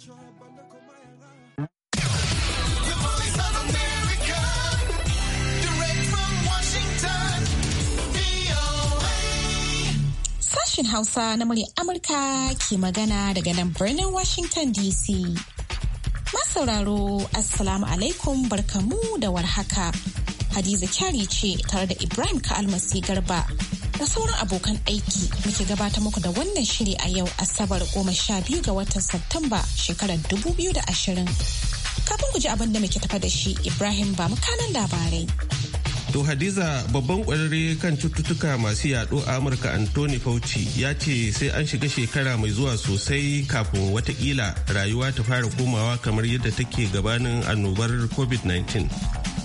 Sashen Hausa na murya Amurka ke magana daga nan birnin Washington DC. Masauraro, Assalamu alaikum barkamu da warhaka. Hadiza Kyari ce tare da Ibrahim Ka'almasi Garba. da sauran abokan aiki muke gabata muku da wannan shiri a yau asabar goma sha biyu ga watan Satumba shekarar dubu biyu da ashirin. Kafin ku ji abin da muke tafa da shi Ibrahim ba kanan labarai. To Hadiza babban kwararre kan cututtuka masu yaɗo a Amurka Anthony Fauci ya ce sai an shiga shekara mai zuwa sosai kafin watakila rayuwa ta fara komawa kamar yadda take gabanin annobar COVID-19.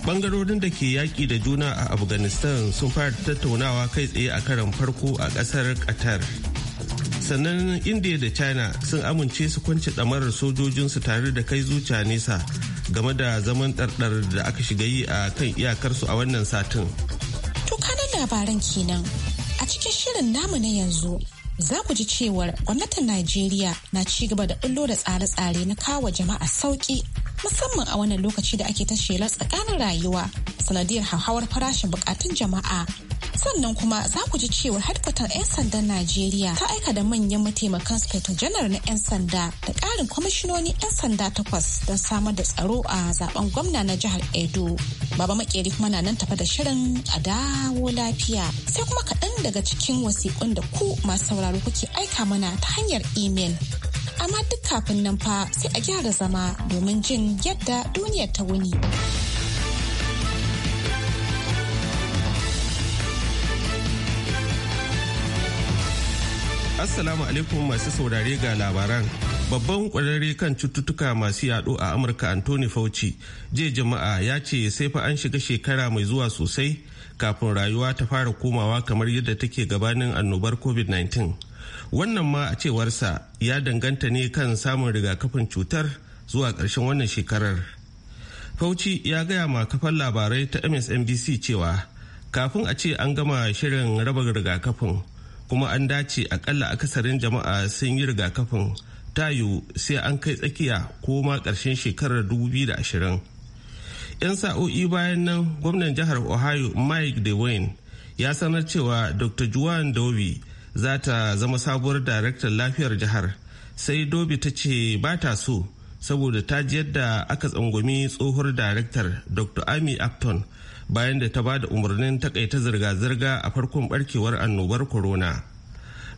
bangarorin da ke yaƙi da juna a afghanistan sun fara tattaunawa kai tsaye a karan farko a ƙasar qatar sannan india da china sun amince su kwance ɗamarar sojojinsu tare da kai zuciya nesa game da zaman ɗarɗar da aka shiga yi a kan iyakarsu a wannan satin to kanan labaran kenan a cikin shirin namu na yanzu za ku ji cewar gwamnatin najeriya na ci gaba da bullo da tsare-tsare na kawo jama'a sauki musamman a wannan lokaci da ake ta shela tsakanin rayuwa sanadiyar hauhawar farashin bukatun jama'a sannan kuma za ku ji cewa hadkatar 'yan sandan najeriya ta aika da manyan mataimakan spector janar na 'yan sanda da ƙarin kwamishinoni 'yan sanda takwas don samar da tsaro a zaben gwamna na jihar edo baba makeri kuma na nan tafa da shirin a dawo lafiya sai kuma kaɗan daga cikin wasiƙun da ku masu sauraro kuke aika mana ta hanyar imel amma duk kafin nan fa sai a gyara zama domin jin yadda duniyar ta wuni. Assalamu alaikum masu saurare ga labaran. Babban kwararre kan cututtuka masu yaɗo a Amurka Anthony Fauci je jama'a ya ce sai fa an shiga shekara mai zuwa sosai kafin rayuwa ta fara komawa kamar yadda take gabanin annobar COVID-19. wannan ma a cewarsa ya danganta ne kan samun rigakafin cutar zuwa ƙarshen wannan shekarar fauci ya gaya ma kafan labarai ta msnbc cewa kafin a ce an gama shirin raba rigakafin kuma an dace akalla akasarin jama'a sun yi rigakafin tayu sai an kai tsakiya ko ma ƙarshen shekarar 2020 'yan sa'o'i bayan nan gwamnan jihar ohio mike dewayne ya sanar cewa dr juan dobi za ta zama sabuwar daraktar lafiyar jihar sai dobi ta ce ba ta so saboda ta ji yadda aka tsangwami tsohuwar daraktar dr ami acton bayan da ta ba da umarnin takaita zirga-zirga a farkon barkewar annobar corona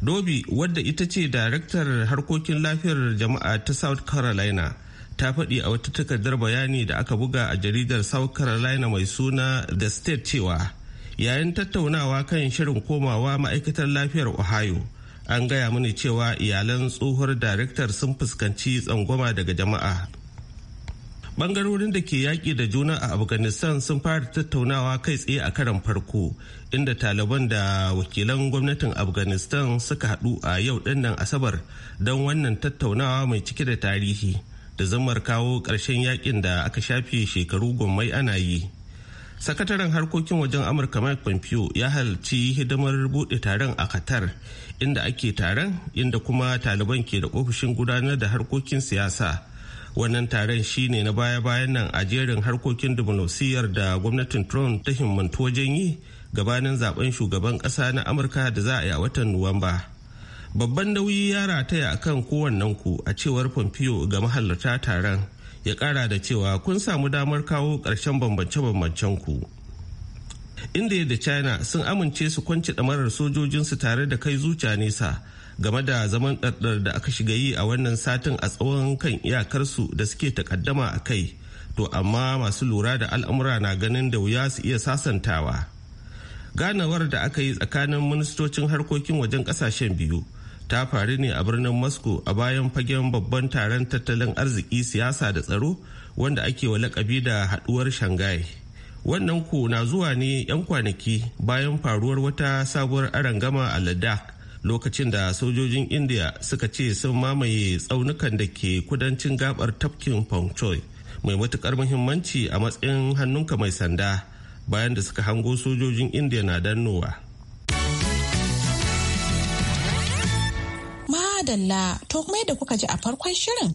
dobi wadda ita ce daraktar harkokin lafiyar jama'a ta south carolina ta faɗi a wata takardar bayani da aka buga a jaridar south carolina mai suna the state cewa yayin tattaunawa kan shirin komawa ma'aikatar lafiyar ohio an gaya mini cewa iyalan tsohuwar daraktar sun fuskanci tsangwama daga jama'a bangarorin da ke yaƙi da juna a afghanistan sun fara tattaunawa kai tsaye a karan farko inda taliban da wakilan gwamnatin afghanistan suka haɗu a yau ɗinnan asabar don wannan tattaunawa mai cike da tarihi da zamar kawo ƙarshen yaƙin da aka shafe shekaru gwammai ana yi sakataren harkokin wajen amurka mike pompeo ya halarci hidimar bude taron a qatar inda ake taron inda kuma taliban ke da ofishin gudanar da harkokin siyasa wannan taron shine na baya-bayan nan a jerin harkokin diplomasiyar da gwamnatin trump ta himmantu wajen yi gabanin zaben shugaban kasa na amurka da za a yi a watan nuwamba babban nauyi ya rataya akan kowannen ku a cewar pompeo ga mahalarta taron ya kara da cewa kun samu damar kawo ƙarshen bambance-bambancen ku india da china sun amince su kwanci ɗamarar sojojinsu tare da kai zuciya nesa game da zaman ɗarɗar da aka shiga yi a wannan satin a tsawon kan iyakarsu da suke takaddama a kai to amma masu lura da al'amura na ganin da wuya su iya sasantawa ganawar da aka yi tsakanin ministocin harkokin wajen ƙasashen biyu ta faru ne a birnin moscow a bayan fagen babban taron tattalin arziki siyasa da tsaro wanda ake wa lakabi da haduwar shanghai wannan ku na zuwa ne 'yan kwanaki bayan faruwar wata sabuwar arangama a ladakh lokacin da sojojin india suka ce sun mamaye tsaunukan da ke kudancin gabar tafkin pongchoy mai matukar muhimmanci a matsayin hannunka mai sanda bayan da suka hango sojojin india na dannowa dalla to kuma yadda kuka ji a farkon shirin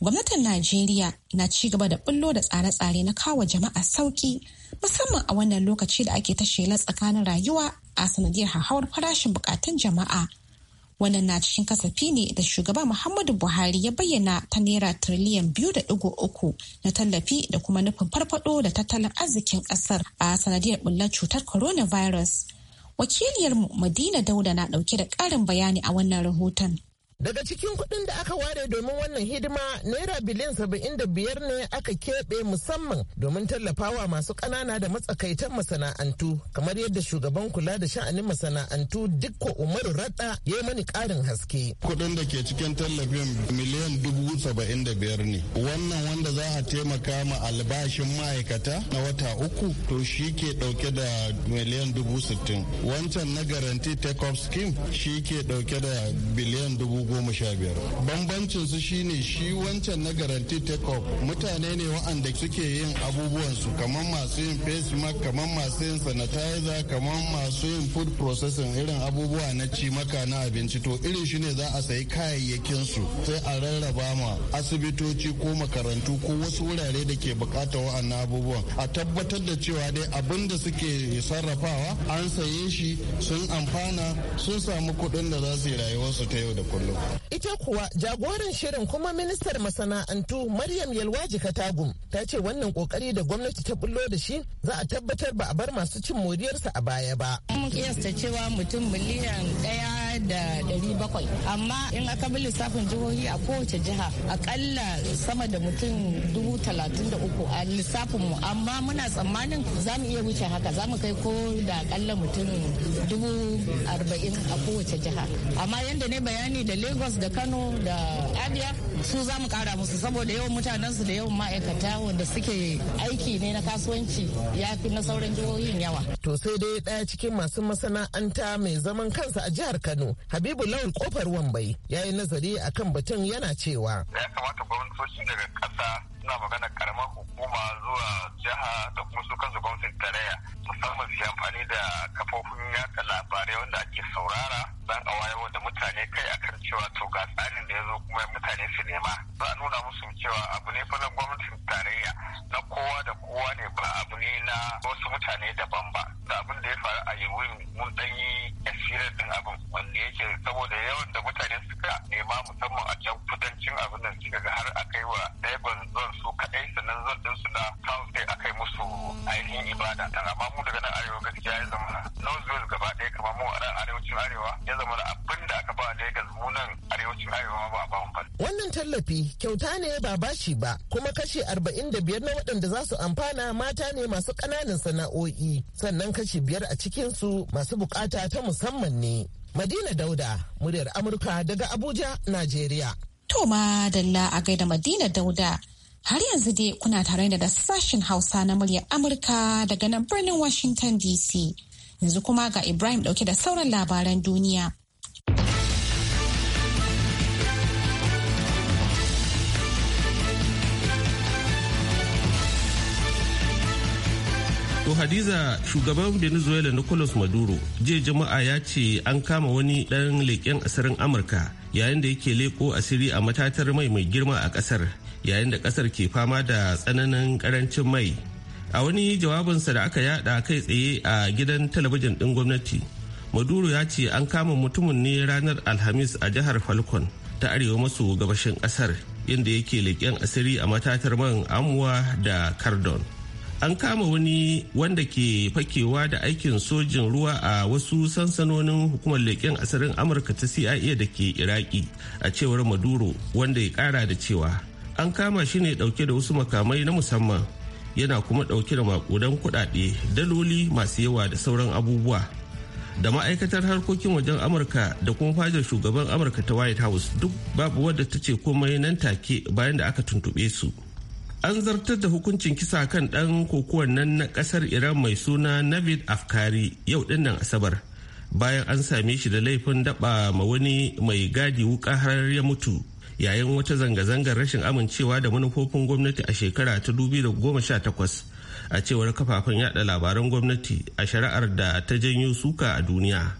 gwamnatin najeriya na ci gaba da bullo da tsare-tsare na kawo jama'a sauki musamman a wannan lokaci da ake ta shela tsakanin rayuwa a sanadiyar hauhawar farashin bukatun jama'a wannan na cikin kasafi ne da shugaban muhammadu buhari ya bayyana ta naira tiriliyan biyu da digo uku na tallafi da kuma nufin farfado da tattalin arzikin kasar a sanadiyar bullar cutar coronavirus wakiliyar madina dauda na dauke da karin bayani a wannan rahoton Daga cikin kuɗin da aka ware domin wannan hidima naira biliyan saba'in da biyar ne aka keɓe musamman domin tallafawa masu ƙanana da matsakaitan masana'antu kamar yadda shugaban kula da sha'anin masana'antu dukko Umaru rada ya mani ƙarin haske. Kuɗin da ke cikin tallafin miliyan dubu saba'in da biyar ne. Wannan wanda za a taimaka ma albashin ma'aikata na wata uku to shi ke ɗauke da miliyan dubu sittin. Wancan na garanti take off scheme shi ke ɗauke da biliyan dubu goma sha biyar bambancin su shine shi wancan na garanti take off mutane ne wa'anda suke yin abubuwansu kamar masu yin face mask kamar masu yin sanitizer kamar masu yin food processing irin abubuwa na cimaka na abinci to irin shi ne za a sayi kayayyakin su sai a rarraba ma asibitoci ko makarantu ko wasu wurare da ke bukata wa'annan abubuwan a tabbatar da cewa dai abin da suke sarrafawa an saye shi sun amfana sun samu kuɗin da za su yi rayuwarsu ta yau da kullum Ita kuwa jagoran shirin kuma ministar masana'antu Maryam Yalwaji Katagum ta ce wannan kokari da gwamnati ta bullo da shi za a tabbatar ba a bar masu cin moriyarsa a baya ba. Mun kiyasta cewa mutum miliyan ɗaya da ɗari bakwai amma in aka bi lissafin jihohi a kowace jiha akalla sama da mutum dubu da uku a lissafin mu amma muna tsammanin za mu iya wuce haka za mu kai ko da akalla mutum dubu a kowace jiha amma yadda ne bayani da lagos da kano da abia su za mu kara musu saboda yawan mutanen su da yawan ma'aikata wanda suke aiki ne na kasuwanci ya fi na sauran jihohin yawa. To sai dai ɗaya cikin masu masana'anta mai zaman kansa a jihar Kano Habibu Lawal Kofar Wambai ya yi nazari akan batun yana cewa. Ya kamata gwamnatoci daga ƙasa suna magana karamar hukuma zuwa jiha da kuma su kansu gwamnatin tarayya musamman su amfani da kafofin yaka labarai wanda ake saurara don a wayewa da mutane kai akan cewa to ga tsarin da ya zo kuma mutane su nema za a nuna musu cewa abu ne fa na gwamnatin tarayya na kowa da kowa ne ba abu ne na wasu mutane daban ba da abin da ya faru a yi wurin, mun dan yi asirar din abin wanda yake saboda yawan da mutane suka nema musamman a can kudancin abin da suka ga har a kai wa yin ibada dan amma mu daga nan arewa gaskiya ya zama north west gaba ɗaya kamar mu a nan arewacin arewa ya zama abin da aka ba Lagos mu nan arewacin arewa ba a ba Wannan tallafi kyauta ne ba bashi ba kuma kashi arba'in da biyar na waɗanda za su amfana mata ne masu ƙananan sana'o'i sannan kashi biyar a cikinsu masu bukata ta musamman ne. Madina Dauda, muryar Amurka daga Abuja, Najeriya. To ma dalla a gaida Madina Dauda. Har yanzu dai kuna tare da sashen Hausa na muryar Amurka daga nan birnin Washington DC. Yanzu kuma ga Ibrahim dauke da sauran labaran duniya. To Hadiza shugaban Venezuela Nicolas Maduro jiya jama'a ya ce an kama wani ɗan leƙen asirin Amurka yayin da yake leƙo asiri a matatar mai mai girma a ƙasar. yayin da kasar ke fama da tsananin karancin mai a wani jawabinsa da aka yada kai tsaye a gidan talabijin din gwamnati maduro ya ce an kama mutumin ne ranar alhamis a jihar falcon ta arewa maso gabashin kasar inda yake leƙen asiri a matatar man amuwa da cardon an kama wani wanda ke fakewa da aikin sojin ruwa a wasu sansanonin hukumar leƙen asirin amurka ta cia da ke iraki a cewar maduro wanda ya kara da cewa an kama shi ne dauke da wasu makamai na musamman yana kuma dauke da makudan kudade daloli masu yawa da sauran abubuwa da ma'aikatar harkokin wajen amurka da kuma fajar shugaban amurka ta white house duk babu wadda ta ce komai nan take bayan da aka tuntube su an zartar da hukuncin kisa kan dan kokowar nan na kasar iran mai suna navid afkari yau dinnan asabar bayan an same shi da laifin daba ma wani mai gadi wuka har ya mutu yayin wata zanga-zangar rashin amincewa da manufofin gwamnati a shekara ta da goma sha 2018 a cewar kafafen yada labaran gwamnati a shari'ar da ta janyo suka a duniya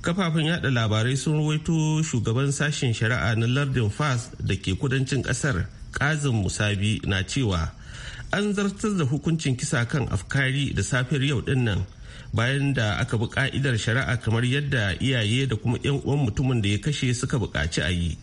kafafen yada labarai sun ruwaito shugaban sashen shari'a na lardin fas da ke kudancin kasar kazin musabi na cewa an zartar da hukuncin kisa kan afkari da safiyar yau dinnan bayan da aka bi ka'idar shari'a kamar yadda iyaye da kuma 'yan uwan mutumin da ya kashe suka buƙaci a yi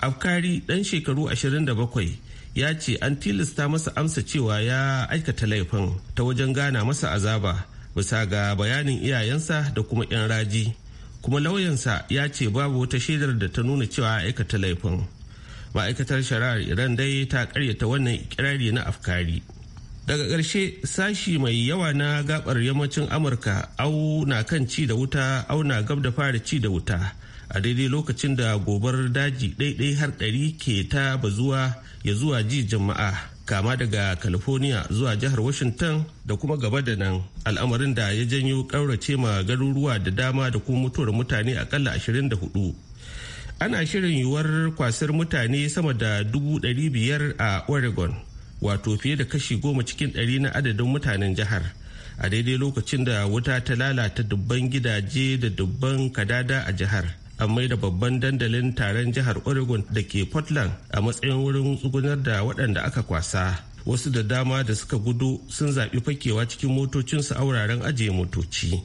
afkari dan shekaru 27 ya ce an tilasta masa amsa cewa ya aikata laifin ta wajen gana masa azaba bisa ga bayanin iyayensa da kuma 'yan raji kuma lauyansa ya ce babu wata shaidar da ta nuna cewa aikata laifin ma'aikatar shari'ar iran dai ta karyata wannan ikirari na afkari daga ƙarshe sashi mai yawa na gabar yammacin amurka au na kan ci da wuta au na gab da fara ci da wuta a daidai lokacin da gobar daji daidai har ɗari ke ta bazuwa ya zuwa ji jama'a kama daga california zuwa jihar washington da kuma gaba da nan al'amarin da ya janyo ƙaurace ma garuruwa da dama da kuma mutuwar mutane akalla 24 ana shirin yiwuwar kwasar mutane sama da biyar a oregon wato fiye da kashi goma cikin ɗari na adadin mutanen jihar a daidai lokacin da wuta ta lalata dubban gidaje da dubban kadada a jihar an da babban dandalin taron jihar oregon da ke portland a matsayin wurin tsugunar da waɗanda aka kwasa wasu da dama da suka gudu sun zaɓi fakewa cikin motocinsu a wuraren ajiye motoci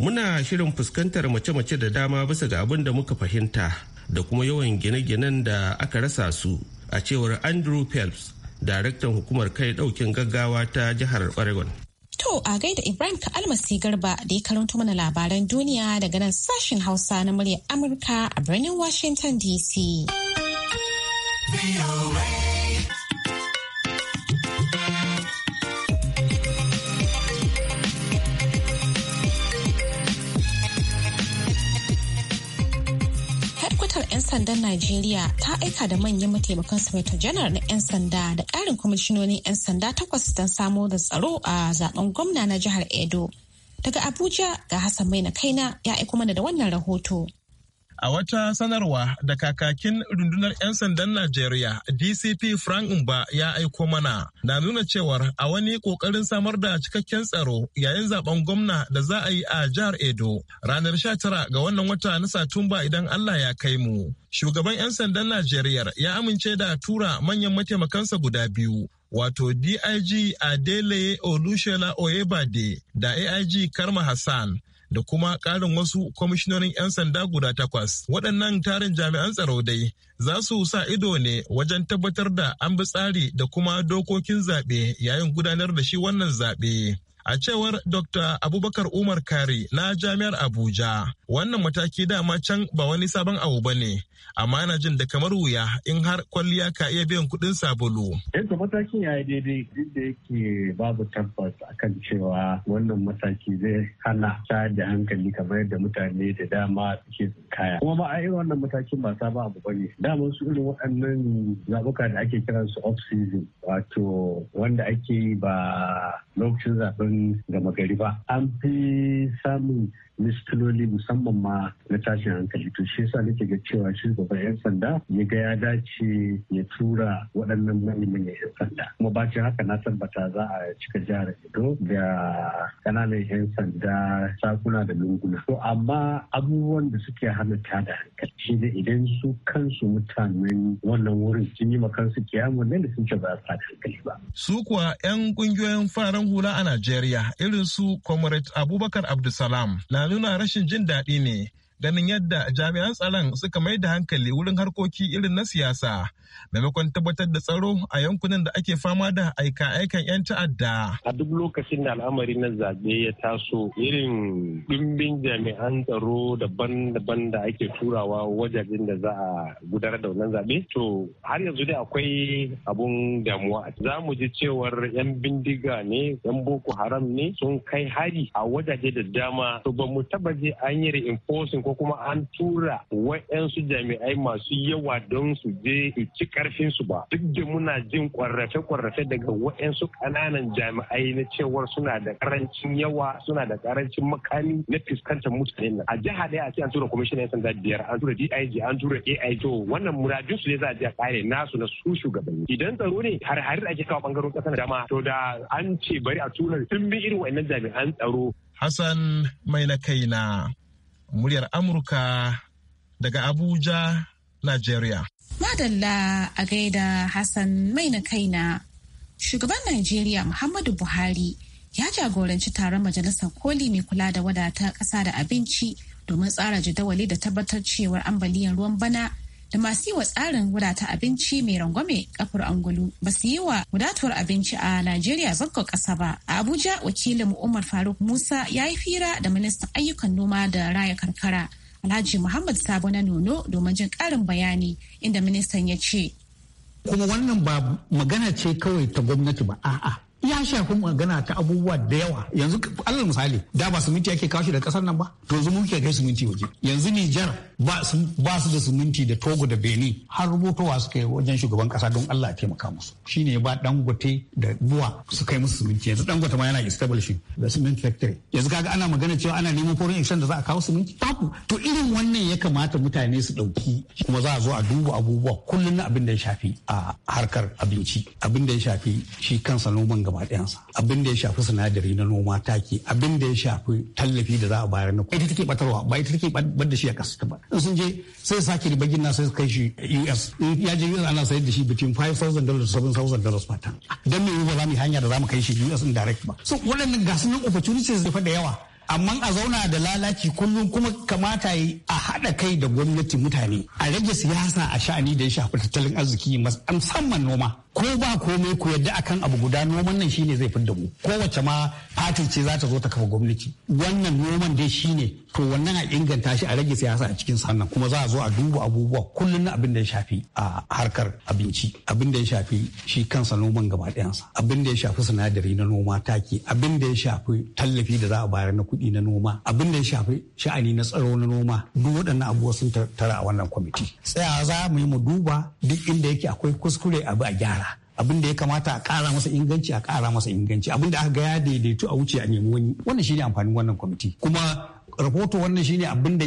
muna shirin fuskantar mace-mace da dama bisa ga abin da muka fahimta da kuma yawan gine-ginen da aka rasa su a cewar andrew phelps daraktan hukumar kai ɗaukin gaggawa ta jihar oregon To a gaida Ibrahim ka almasi garba da ya karanto mana labaran duniya daga nan sashen Hausa na muryar Amurka a birnin Washington DC. sandan Najeriya ta aika da manyan mataimakan sanata janar na 'yan sanda da ƙarin kwamishinonin 'yan sanda takwas don samo da tsaro a zaben gwamna na jihar Edo. Daga Abuja ga Hassan Mai na kaina ya aiko mana da wannan rahoto. A wata sanarwa da kakakin rundunar 'yan sandan Najeriya DCP Frank Mba ya aiko mana na nuna cewar a wani ƙoƙarin samar da cikakken tsaro yayin zaben gwamna da za a yi a jihar Edo ranar 19 ga wannan wata na Satumba idan Allah ya kai mu. Shugaban 'yan sandan Najeriya ya amince da tura manyan mataimakansa guda biyu. Wato DIG Adele Olushela Oyebade da AIG Karma Hassan da kuma ƙarin wasu kwamishinonin 'yan sanda guda takwas. Waɗannan tarin jami'an tsaro dai za su sa ido ne wajen tabbatar da an bi tsari da kuma dokokin zaɓe yayin gudanar da shi wannan zaɓe. A cewar Dr. Abubakar Umar Kari na Jami'ar Abuja, wannan mataki dama can ba wani sabon abu ba ne, amma yana jin da kamar wuya in har kwalliya ka iya biyan kuɗin sabulu. Yadda matakin ya yi daidai duk da yake babu tabbas kan cewa wannan mataki zai hana ta da hankali kamar yadda mutane da dama suke kaya. Kuma ba a yi wannan matakin ba sabon abu ba ne. Daman su irin waɗannan zaɓuka da ake kiransu off season wato wanda ake yi ba lokacin zaɓen tsakanin gama gari ba an fi samun miskiloli musamman ma na tashin hankali to shi yasa nake ga cewa shi gaban yan sanda ya ga ya dace ya tura waɗannan manyan yan sanda kuma bacin haka na tabbata za a cika jihar Edo da kananan yan sanda sakuna da lunguna to amma abubuwan da suke hana d'a hankali shi da idan su kansu mutanen wannan wurin sun yi kansu kiyamun ne da sun ce ba a hankali ba su kuwa yan kungiyoyin faran hula a Najeriya irin su Comrade Abubakar Abdulsalam na na rashin jin daɗi ne ganin yadda jami'an tsaron suka mai da hankali wurin harkoki irin na siyasa maimakon tabbatar da tsaro a yankunan da ake fama da aika-aikan 'yan ta'adda. A duk lokacin da al'amari na zaɓe ya taso irin ɗimbin jami'an tsaro daban-daban da ake turawa wajajen da za a gudanar da wannan zaɓe. To har yanzu dai akwai abun damuwa. Za mu ji cewar 'yan bindiga ne, 'yan boko haram ne sun kai hari a wajaje da dama. To ba mu taba je an yi reinforcing ko kuma an tura wa'yansu jami'ai masu yawa don su je su ci karfin su ba duk da muna jin kwarrafe-kwarrafe daga wa'yansu ƙananan jami'ai na cewar suna da karancin yawa suna da karancin makami na fuskantar mutane nan a jiha ɗaya a ce an tura kwamishinan sanda biyar an tura dig an tura ai to wannan muradunsu su ne za a je a kare nasu na su shugabanni idan tsaro ne har har da ake kawo bangaren ƙasar dama to da an ce bari a tura sun bi irin wa'annan jami'an tsaro Hassan mai na kaina muryar Amurka daga Abuja, Najeriya. Madalla a gaida Hassan mai na kaina. Shugaban Najeriya Muhammadu Buhari ya jagoranci taron majalisar koli mai kula da wadata ƙasa da abinci domin tsara jadawali da tabbatar cewar ambaliyar ruwan bana da masu yi wa tsarin wadata abinci mai rangwame kafar angulu ba su yi wa wadatuwar abinci a Najeriya zango ƙasa ba. A Abuja wakilin Umar Faruk Musa ya yi fira da ministan ayyukan noma da raya karkara Alhaji Muhammad Sabo na Nono domin jin karin bayani inda ministan ya ce. Kuma wannan ba magana ce kawai ta gwamnati ba a'a ya shafi magana ta abubuwa da yawa yanzu allah misali da ba suminti ake kawo da kasar nan ba to yanzu muke kai suminti waje yanzu Nijar ba su da suminti da Togo da Benin har rubutowa suka yi wajen shugaban kasa don Allah ya taimaka musu shine ba dangote da buwa su kai musu suminti yanzu dangote ma yana establishing da cement factory yanzu kaga ana magana cewa ana neman foreign exchange da za a kawo suminti babu to irin wannan ya kamata mutane su dauki kuma za a zo a duba abubuwa kullum na abin da ya shafi a harkar abinci abin da ya shafi shi kansa noman gaba gaba ɗayansa abin da ya shafi sinadari na noma taki abin da ya shafi tallafi da za a bayar na ita take batarwa ba ita take bar da shi a ta ba in sun je sai sake da bagin na sai kai shi US ya je US ana sayar da shi between 5000 dollars 7000 dollars per ton dan me ba za mu hanya da za mu kai shi US in direct ba so waɗannan gasu nan opportunities da fa da yawa amma a zauna da lalaci kullum kuma kamata yi a haɗa kai da gwamnati mutane a rage siyasa a sha'ani da ya shafi tattalin arziki musamman noma ko ba komai ku yadda akan abu guda noman nan shine zai fidda mu kowace ma fati ce za ta zo ta kafa gwamnati wannan noman dai shine to wannan a inganta shi a rage siyasa a cikin sannan kuma za a zo a duba abubuwa kullum na abin da ya shafi a harkar abinci abin da ya shafi shi kansa noman gaba ɗayansa abin da ya shafi sinadari na noma take. abin da ya shafi tallafi da za a bayar na kuɗi na noma abin da ya shafi sha'ani na tsaro na noma duk waɗannan abubuwa sun tara a wannan kwamiti Tsayawa za mu yi mu duba duk inda yake akwai kuskure abu a gyara abin da ya kamata a ƙara masa inganci a ƙara masa inganci abin da aka ga ya daidaitu a wuce a nemi wani wannan shine amfanin wannan kwamiti kuma rahoto wannan shine abin da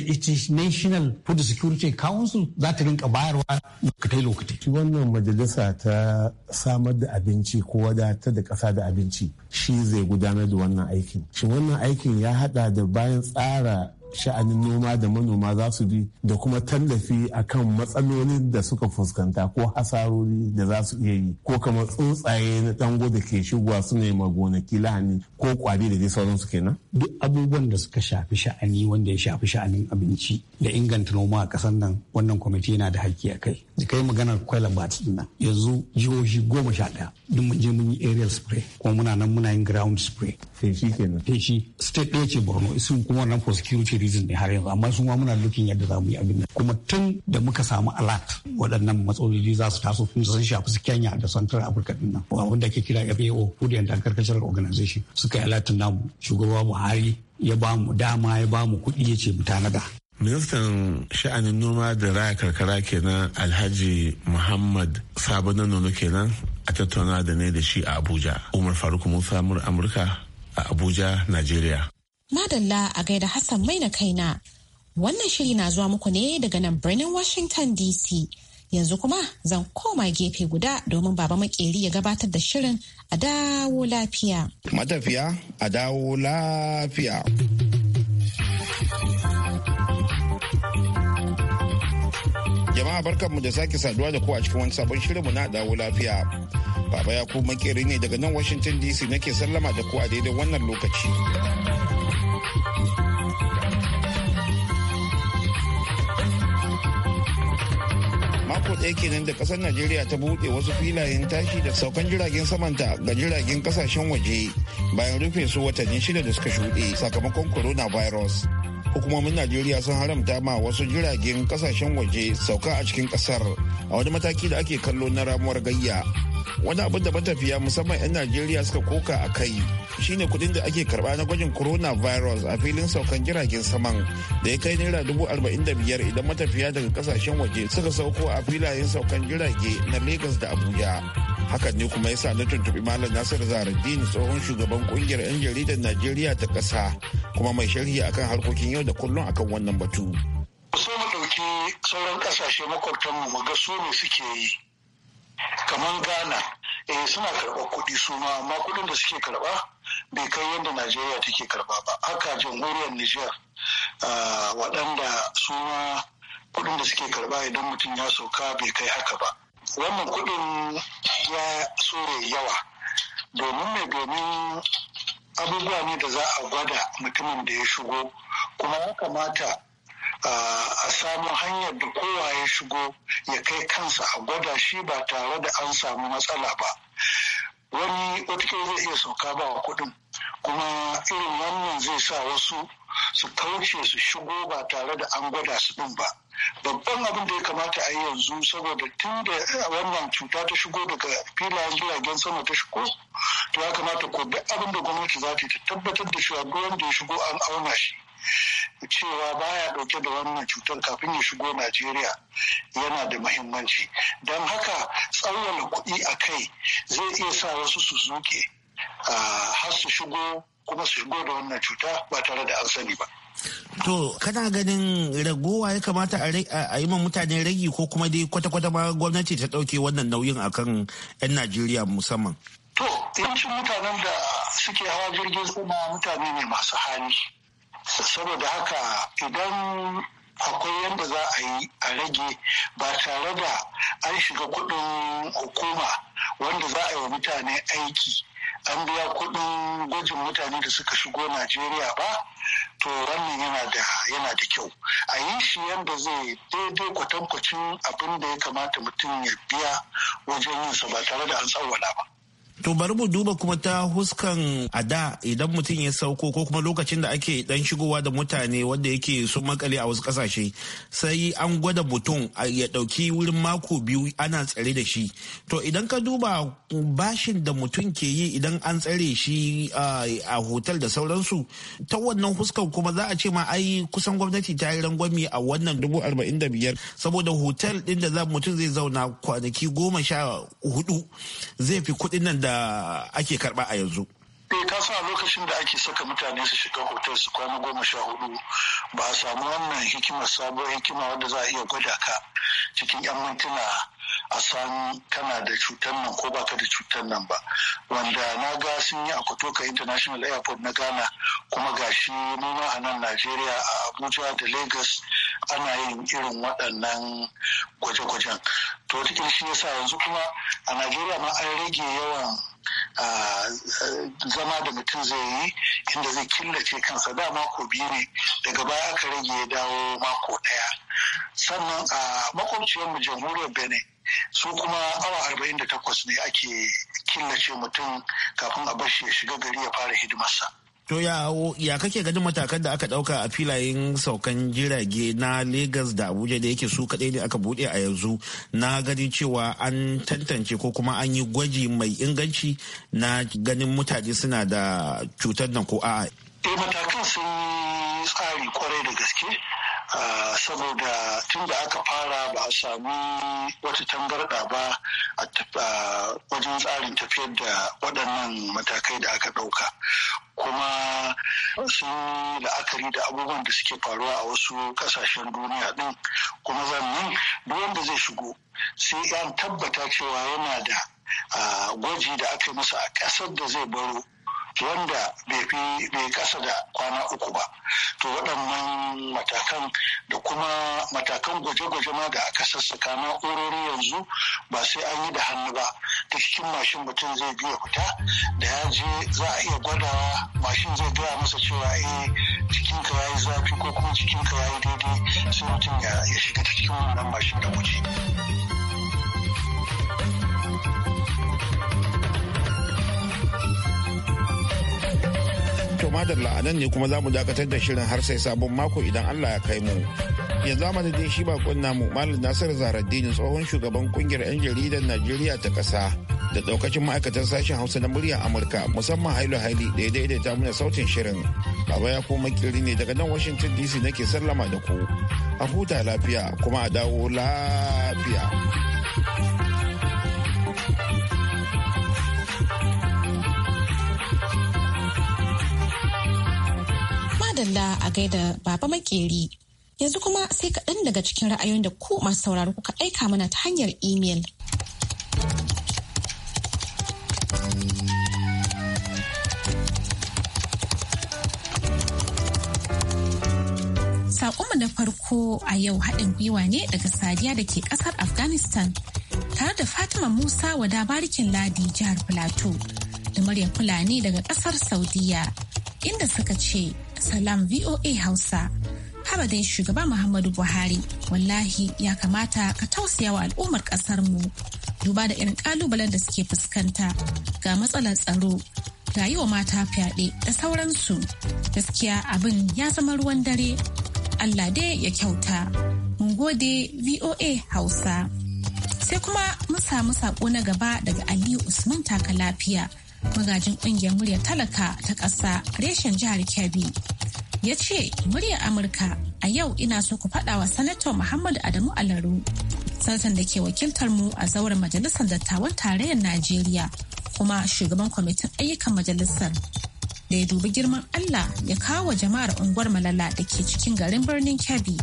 national food security council za ta rinka bayarwa lokacin lokatai wannan majalisa ta samar da abinci ko wadatar da ƙasa da abinci shi zai gudanar da wannan aikin shi wannan aikin ya hada da bayan tsara sha'anin noma da manoma za su bi da kuma tallafi a kan matsalolin da suka fuskanta ko hasarori da za su iya yi ko kamar tsuntsaye na dango da ke shigowa su ne gonaki lahani ko kwari da dai sauransu kenan. Duk abubuwan da suka shafi sha'ani wanda ya shafi sha'anin abinci da inganta noma a ƙasar nan wannan kwamiti yana da haƙƙi a kai. Da kai maganar kwaila batin nan yanzu jihohi goma sha ɗaya duk mun je mun yi aerial spray kuma muna nan muna yin ground spray. Feshi kenan. Feshi state ɗaya ce Borno sun kuma nan for security reason ne har yanzu amma su ma muna looking yadda za mu yi abin nan kuma tun da muka samu alert waɗannan matsaloli za su taso tun sun shafi su Kenya da Central Africa din nan wanda ake kira FAO Food and Agricultural Organization suka yi alert namu shugaba Buhari ya ba mu dama ya ba mu kuɗi ya ce mu tanada ministan sha'anin noma da raya karkara kenan alhaji muhammad sabo na nono kenan a tattauna da ne da shi a abuja umar faruk musa amurka a abuja nigeria Madalla a gaida Hassan mai na kaina. Wannan shiri na zuwa muku ne daga nan birnin Washington DC. Yanzu kuma zan koma gefe guda domin baba makeri ya gabatar da shirin a dawo lafiya. Matafiya a dawo lafiya. Jama'a barkanmu da sake saduwa da ku a cikin wani sabon shirin shirinmu na dawo lafiya. Baba ya ku makeri ne daga nan Washington DC nake sallama da ku a daidai wannan lokaci. mako ɗaya kenan da ƙasar najeriya ta buɗe wasu filayen tashi da saukan jiragen samanta ga jiragen ƙasashen waje bayan rufe su watanni shida da suka shuɗe sakamakon coronavirus hukumomin najeriya sun haramta ma wasu jiragen ƙasashen waje sauka a cikin ƙasar a wani mataki da ake kallo na ramuwar gayya wani abin da matafiya musamman 'yan najeriya suka koka a kai shine kudin da ake karba na gwajin coronavirus a filin saukan jiragen saman da ya kai naira dubu arba'in da biyar idan matafiya daga kasashen waje suka sauko a filayen saukan jirage na lagos da abuja hakan ne kuma yasa na tuntuɓi malam nasir zaradini tsohon shugaban kungiyar 'yan jaridar najeriya ta ƙasa kuma mai sharhi akan harkokin yau da kullum akan wannan batu so mu ɗauki sauran ƙasashe makwabtanmu mu ga su ne suke yi kamar ghana eh suna karɓar kuɗi su ma amma kuɗin da suke karɓa bai kai yadda najeriya take karba ba haka jamhuriyar niger waɗanda suna kuɗin da suke karba idan mutum ya sauka bai kai haka ba wannan kuɗin ya sore yawa domin mai domin abubuwa ne da za a gwada mutumin da ya shigo kuma ya kamata a samu hanyar da kowa ya shigo ya kai kansa a gwada shi ba tare da an samu matsala ba wani watakila zai iya sauka ba wa kuɗin kuma irin wannan zai sa wasu su kauce su shigo ba tare da an gwada su ɗin ba babban abin da ya kamata a yi yanzu saboda tun da wannan cuta ta shigo daga filayen jiragen sama ta shigo to ya kamata ko duk abin da gwamnati za ta tabbatar da cewa duk wanda ya shigo an auna shi cewa baya dauke da wannan cutar kafin ya shigo Najeriya yana da mahimmanci. Don haka tsawon kuɗi a kai zai iya sa wasu su zuke har su shigo kuma su shigo da wannan cuta ba tare da an sani ba. To, kana ganin ragowa ya kamata a yi ma mutane ragi ko kuma dai kwata-kwata ma gwamnati ta ɗauke wannan nauyin akan 'yan Najeriya musamman? To, yawancin mutanen da suke hawa jirgin sama mutane ne masu hali. saboda haka idan akwai yadda za a yi a rage ba tare da an shiga kudin hukuma wanda za a yi wa mutane aiki an biya kudin gwajin mutane da suka shigo najeriya ba to wannan yana da da kyau a yi shi yadda zai daidai kwatankwacin abin da ya kamata mutum ya biya wajen yinsa ba tare da an tsawwala ba To bari mu duba kuma ta huskan a da idan mutum ya sauko ko kuma lokacin da ake dan shigowa da mutane wanda yake sun makale a wasu kasashe sai an gwada mutum ya dauki wurin mako biyu ana tsare da shi. To idan ka duba bashin da mutum ke yi idan an tsare shi a hotel da sauransu ta wannan huskan kuma za a ce ma ai kusan gwamnati ta yi rangwami a wannan dubu arba'in da biyar saboda hotel din da mutum zai zauna kwanaki goma sha hudu zai fi kuɗin nan da ake karba a yanzu Eh ka sa lokacin da ake saka mutane su shiga hotel su kwana goma sha hudu ba a samu wannan hikimar sabuwar hikima wadda za a iya gwada ka cikin 'yan mintuna a san kana da cutar nan ko baka da cutar nan ba wanda na ga sun yi a international airport na ghana kuma ga gashi noma a nan najeriya a abuja da lagos ana yin irin waɗannan gwaje-gwajen to cikin shi yasa yanzu kuma a najeriya ma an rage yawan zama da mutum zai yi inda zai killace kansa da mako biyu ne daga baya aka rage ya dawo mako ɗaya sannan a makwabciyarmu jamhuriyar benin su kuma awa arba'in da takwas ne ake killace mutum kafin a bashi ya shiga gari ya fara hidimarsa. To ya ya kake ganin matakan da aka dauka a filayen saukan jirage na Legas da Abuja da yake su kaɗai ne aka buɗe a yanzu na ganin cewa an tantance ko kuma an yi gwaji mai inganci na ganin mutane suna da cutar nan ko a'a. Eh matakan sun tsari kwarai da gaske saboda tun da aka fara ba a sami wata tangarɗa ba a wajen tsarin tafiyar da waɗannan matakai da aka ɗauka kuma sun la'akari da abubuwan da suke faruwa a wasu ƙasashen duniya ɗin kuma zannan duk wanda zai shigo sai an tabbata cewa yana da gwaji da aka yi masa a ƙasar da zai baro wanda bai fi bai kasa da kwana uku ba to waɗannan matakan da kuma matakan gwaje-gwaje ma da aka sassaka na'urori yanzu ba sai an yi da hannu ba ta cikin mashin mutum zai biya fita da ya je za a iya gwadawa mashin zai gaya masa cewa eh cikin ka yayi zafi ko kuma cikin ka yayi daidai sai mutum ya shiga ta cikin wannan mashin da guje. madalla a ne kuma za mu dakatar da shirin har sai sabon mako idan Allah ya kai mu. Yanzu amana dai shi bakon namu Malam Nasir Zaraddini tsohon shugaban kungiyar 'yan jaridar Najeriya ta kasa da daukacin ma'aikatan sashen Hausa na muryar Amurka musamman Hailu Haili da ya daidaita mana sautin shirin. Baba ya koma kiri ne daga nan Washington DC nake sallama da ku. A huta lafiya kuma a dawo lafiya. danda a gaida baba makeri. Yanzu kuma sai kaɗan daga cikin ra'ayoyin da ku masu sauraro kuka aika mana ta hanyar imel. Saƙonmu na farko a yau haɗin gwiwa ne daga Sadiya da ke ƙasar Afghanistan tare da Fatima Musa wa barikin Ladi jihar Plateau da Maryam Fulani daga ƙasar Saudiya. inda suka ce salam VOA Hausa. haba dai shugaba Muhammadu Buhari wallahi ya kamata ka tausaya wa al'ummar kasar mu duba da irin ƙalubalen da suke fuskanta ga matsalar tsaro rayuwa mata fyaɗe da sauransu gaskiya abin ya zama ruwan dare Allah dai ya kyauta mun gode VOA Hausa sai kuma mun samu saƙo na gaba daga Aliyu Usman taka lafiya magajin ƙungiyar muryar talaka ta ƙasa reshen jihar Kebbi. Ya ce muryar Amurka a yau ina so ku faɗa wa Sanator Muhammadu Adamu Alaru, sanatan da ke wakiltar mu a zauren majalisar dattawan tarayyar Najeriya kuma shugaban kwamitin ayyukan majalisar. Da ya dubi girman Allah ya kawo wa jama'ar unguwar Malala da ke cikin garin birnin Kebbi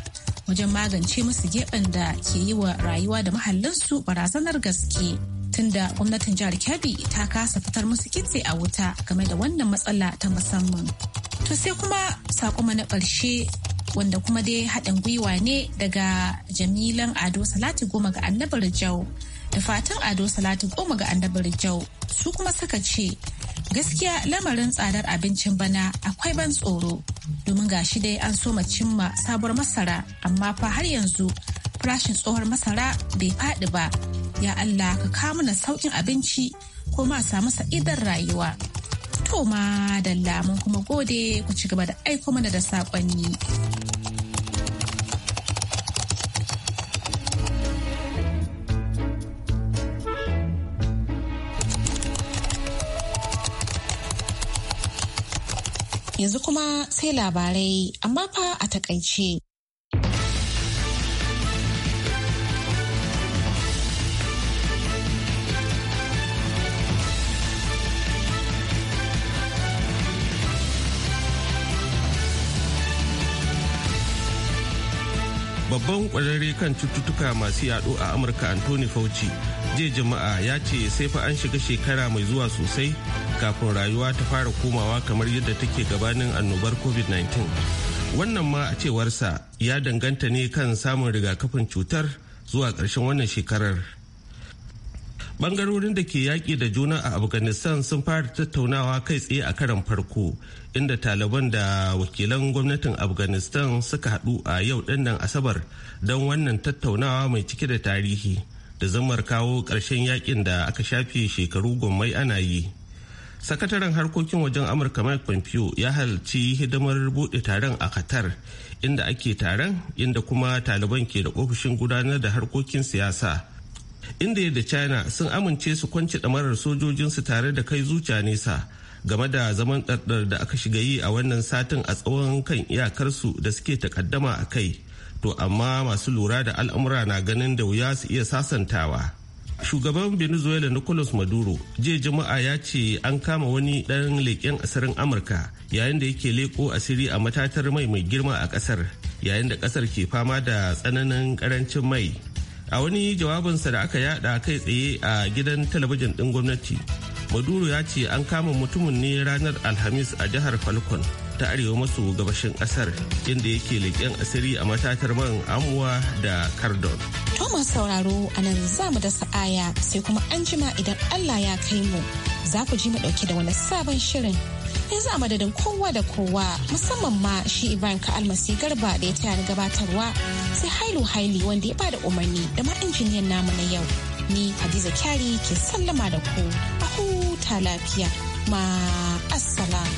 wajen magance musu geɓen da ke yi wa rayuwa da mahallinsu barazanar gaske. tunda gwamnatin jihar Kebbi ta kasa fitar musu kitse a wuta game da wannan matsala ta musamman. To sai kuma sakoma na ƙarshe wanda kuma dai haɗin gwiwa ne daga jamilan ado salatu goma ga annabar jau da fatan ado salatu goma ga annabar jau su kuma suka ce gaskiya lamarin tsadar abincin bana akwai ban tsoro domin gashi dai an so ma cimma sabuwar masara amma fa har yanzu farashin tsohon masara bai faɗi ba ya Allah ka kawo mana sauƙin abinci ko ma samu sa'idar rayuwa to ma dalla mun kuma gode ku ci gaba da aiko mana da saƙonni yanzu kuma sai labarai amma fa a takaice babban kwararre kan cututtuka masu yaɗo a amurka anthony fauci je jama'a ya ce sai fa an shiga shekara mai zuwa sosai kafin rayuwa ta fara komawa kamar yadda take gabanin annobar covid-19 wannan ma a cewarsa ya danganta ne kan samun rigakafin cutar zuwa ƙarshen wannan shekarar bangarorin da ke yaƙi da juna a afghanistan sun fara tattaunawa kai tsaye a karan farko inda taliban da wakilan gwamnatin afghanistan suka haɗu a yau ɗinnan asabar don wannan tattaunawa mai cike da tarihi da zammar kawo ƙarshen yakin da aka shafe shekaru gwammai ana yi sakataren harkokin wajen amurka mike pompeo ya halarci hidimar buɗe taron a qatar inda ake taron inda kuma taliban ke da ofishin gudanar da harkokin siyasa india da china sun amince su kwance damarar sojojinsu tare da kai zuciya nesa game da zaman ɗarɗar da aka shiga yi a wannan satin a tsawon kan iyakarsu da suke takaddama a kai to amma masu lura da al'amura na ganin da wuya su iya sasantawa shugaban venezuela nicolas maduro jiya jama'a ya ce an kama wani ɗan leƙen asirin amurka yayin da yake leƙo asiri a matatar mai mai girma a ƙasar yayin da ƙasar ke fama da tsananin ƙarancin mai a wani jawabinsa da aka yada kai tsaye a gidan talabijin ɗin gwamnati maduro ya ce an kama mutumin ne ranar alhamis a jihar falcon ta arewa maso gabashin ƙasar inda yake leƙen asiri a matatar man amuwa da cardon thomas sauraro a nan za mu dasa aya sai kuma an jima idan allah ya kai mu za ku ji mu ɗauke da wani sabon shirin ya a madadin kowa da kowa musamman ma shi ibrahim ka almasi garba da ya taya gabatarwa sai hailu haili wanda ya bada umarni da ma injiniyan namu na yau ni hadiza kyari ke sallama da ku a huta lafiya ma assalam